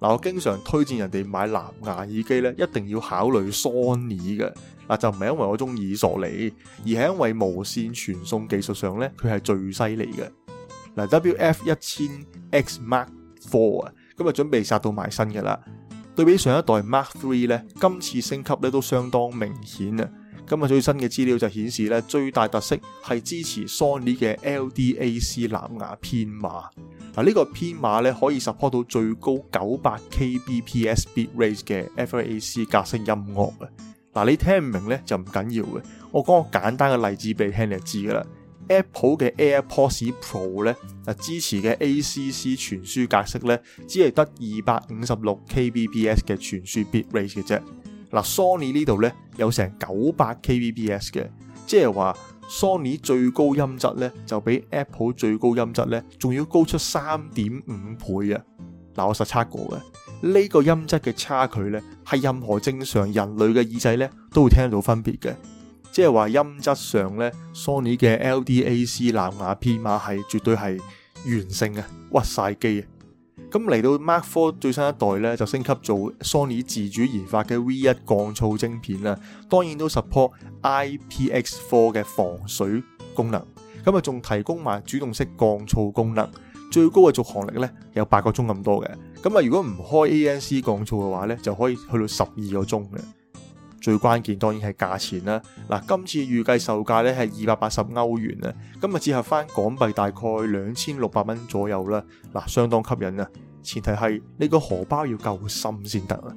嗱，我經常推薦人哋買藍牙耳機咧，一定要考慮 Sony 嘅。嗱，就唔係因為我中意索尼，而係因為無線傳送技術上咧，佢係最犀利嘅。WF 一千 X Mark Four 啊，咁啊準備殺到埋身嘅啦。對比上一代 Mark Three 咧，今次升級咧都相當明顯啊。咁啊最新嘅資料就顯示咧，最大特色係支持 Sony 嘅 LDAC 藍牙編碼。嗱，呢個編碼咧可以 support 到最高九百 kbps bit rate 嘅 FLAC 格式音樂嘅。嗱，你聽唔明咧就唔緊要嘅。我講個簡單嘅例子俾你聽，你就知噶啦。Apple 嘅 AirPods Pro 咧，嗱，支持嘅 AAC 傳輸格式咧，只係得二百五十六 kbps 嘅傳輸 bit rate 嘅啫。嗱，Sony 呢度咧有成九百 kbps 嘅，即係話。Sony 最高音質咧就比 Apple 最高音質咧仲要高出三點五倍啊！嗱，我實測過嘅呢個音質嘅差距咧，係任何正常人類嘅耳仔咧都會聽到分別嘅。即係話，音質上咧，Sony 嘅 LDAC 藍牙編碼係絕對係完勝嘅，屈晒機嘅。咁嚟到 Mark IV 最新一代咧，就升級做 Sony 自主研發嘅 V1 降噪晶片啦。當然都 support IPX4 嘅防水功能。咁啊，仲提供埋主動式降噪功能。最高嘅續航力咧有八個鐘咁多嘅。咁啊，如果唔開 ANC 降噪嘅話咧，就可以去到十二個鐘嘅。最關鍵當然係價錢啦！嗱，今次預計售價呢係二百八十歐元啊，今日折合翻港幣大概兩千六百蚊左右啦，嗱，相當吸引啊！前提係你個荷包要夠深先得啊！